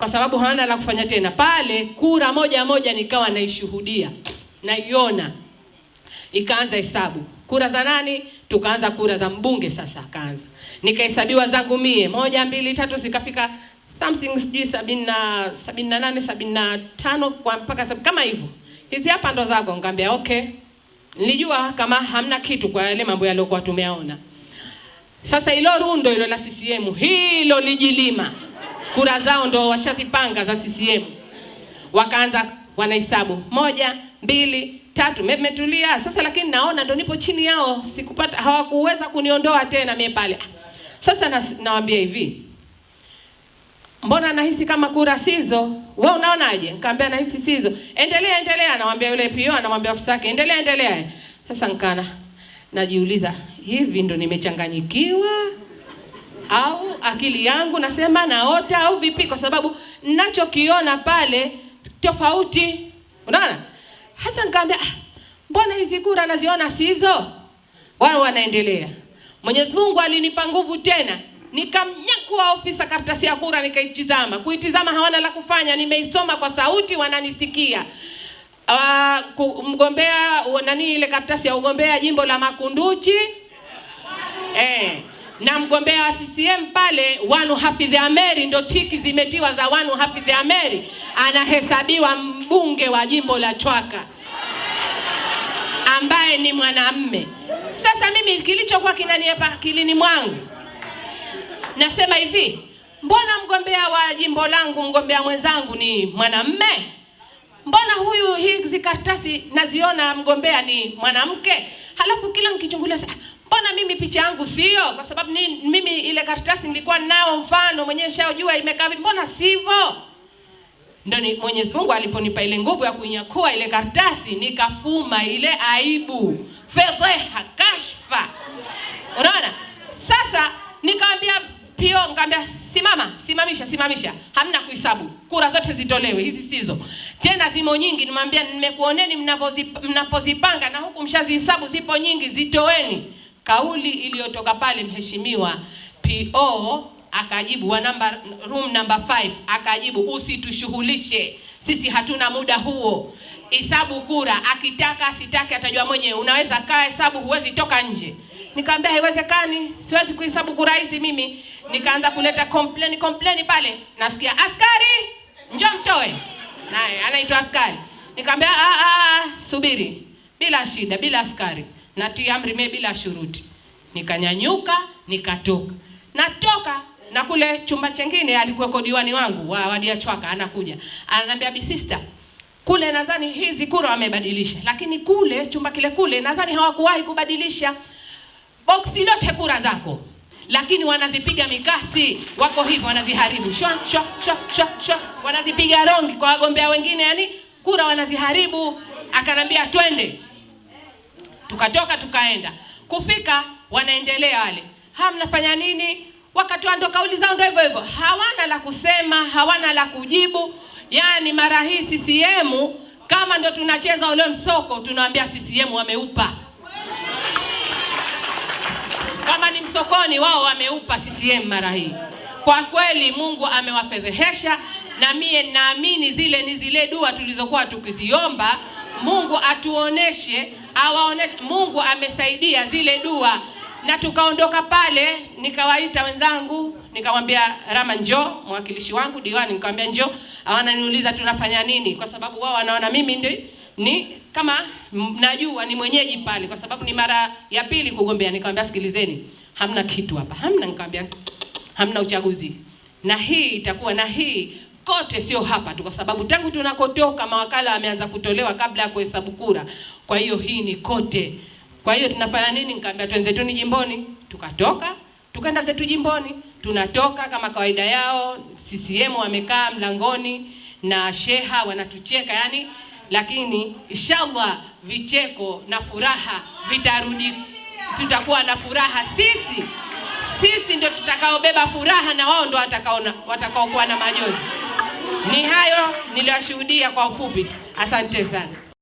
kwa sababu hawana la kufanya tena. Pale kura moja moja nikawa naishuhudia, naiona, ikaanza hesabu kura za nani, tukaanza kura za mbunge. Sasa akaanza nikahesabiwa zangu mie, moja mbili tatu, zikafika something sijui sabini na sabini na nane sabini na tano kwa mpaka sabi, kama hivyo, hizi hapa ndo zako. Ngambia okay, nilijua kama hamna kitu kwa yale mambo yaliokuwa tumeaona. Sasa ilo rundo ilo la CCM hilo lijilima kura zao ndo washazipanga za CCM, wakaanza wanahesabu moja, mbili, tatu. mmetulia sasa, lakini naona ndo nipo chini yao, sikupata, hawakuweza kuniondoa tena mimi pale. Sasa na, nawaambia hivi, mbona nahisi kama kura sizo, wewe unaonaje? Nikamwambia nahisi sizo. Endelea, endelea, anamwambia yule PO, anamwambia afisa yake, endelea, endelea. Sasa nkana najiuliza hivi ndo nimechanganyikiwa au akili yangu nasema naota au vipi? Kwa sababu ninachokiona pale tofauti, unaona. Hasa nikamwambia ah, mbona hizi kura naziona si hizo? Wao wanaendelea. Mwenyezi Mungu alinipa nguvu tena, nikamnyakuwa ofisa karatasi ya kura, nikaitizama. Kuitizama hawana la kufanya, nimeisoma kwa sauti, wananisikia. Uh, mgombea nani, ile karatasi ya ugombea jimbo la Makunduchi eh na mgombea wa CCM pale Wanu Hafidh Ameri, ndo tiki zimetiwa za Wanu Hafidh Ameri, anahesabiwa mbunge wa jimbo la Chwaka ambaye ni mwanamme. Sasa mimi kilichokuwa kinaniepa akilini mwangu, nasema hivi, mbona mgombea wa jimbo langu, mgombea mwenzangu ni mwanamme? Mbona huyu hizi karatasi naziona mgombea ni mwanamke? Halafu kila nikichungulia mbona mimi picha yangu sio? Kwa sababu ni, mimi ile karatasi nilikuwa nao mfano mwenyewe shajua imekaa vipi, mbona sivyo? Ndio Mwenyezi Mungu aliponipa ile nguvu ya kunyakua ile karatasi, nikafuma ile aibu, fedheha, kashfa. Unaona? Sasa nikamwambia Pio, nikamwambia simama, simamisha, simamisha, hamna kuhesabu, kura zote zitolewe, hizi sizo tena, zimo nyingi. Nimwambia nimekuoneni mnapozipanga na huku mshazihesabu, zipo nyingi, zitoweni. Kauli iliyotoka pale mheshimiwa PO akajibu wa namba room number 5 akajibu, usitushughulishe sisi hatuna muda huo, hesabu kura, akitaka asitake atajua mwenyewe, unaweza kaa hesabu, huwezi toka nje. Nikamwambia haiwezekani, siwezi kuhesabu kura hizi mimi. Nikaanza kuleta complain complain pale, nasikia askari, njoo mtoe, naye anaitwa askari. Nikamwambia ah, ah, ah subiri, bila shida, bila askari na mie bila shuruti. Nikanyanyuka nikatoka, natoka na kule chumba chengine alikuweko diwani wangu wa wadi ya Chwaka, anakuja ananiambia, bi sister, kule nadhani hizi kura wamebadilisha, lakini kule chumba kile kule nadhani hawakuwahi kubadilisha boksi lote kura zako, lakini wanazipiga mikasi, wako hivyo wanaziharibu, shwa shwa shwa shwa shwa, wanazipiga rongi kwa wagombea wengine, yani kura wanaziharibu. Akanambia twende tukatoka tukaenda, kufika wanaendelea wale, ha, mnafanya nini? Wakatoa ndo kauli zao ndo hivyo hivyo, hawana la kusema, hawana la kujibu. Yani mara hii CCM kama ndo tunacheza ule msoko, tunawaambia CCM wameupa kama ni msokoni wao wameupa CCM mara hii. Kwa kweli Mungu amewafedhehesha, na mie naamini zile ni zile dua tulizokuwa tukiziomba. Mungu atuoneshe awaonesha Mungu amesaidia zile dua, na tukaondoka pale, nikawaita wenzangu, nikamwambia Rama njo mwakilishi wangu diwani, nikamwambia njo awananiuliza tunafanya nini, kwa sababu wao wanaona mimi ndi ni kama najua ni mwenyeji pale, kwa sababu ni mara ya pili kugombea. Nikamwambia sikilizeni, hamna kitu hapa, hamna. Nikamwambia hamna uchaguzi, na hii itakuwa na hii kote, sio hapa tu, kwa sababu tangu tunakotoka mawakala wameanza kutolewa kabla ya kuhesabu kura. Kwa hiyo hii ni kote. Kwa hiyo tunafanya nini? Nikaambia twenzetuni jimboni, tukatoka tukaenda zetu jimboni. Tunatoka kama kawaida yao, CCM wamekaa mlangoni na sheha wanatucheka yani, lakini inshallah vicheko na furaha vitarudi. Tutakuwa na furaha sisi, sisi ndio tutakaobeba furaha na wao ndio watakaokuwa na majonzi. Ni hayo niliwashuhudia kwa ufupi. Asante sana.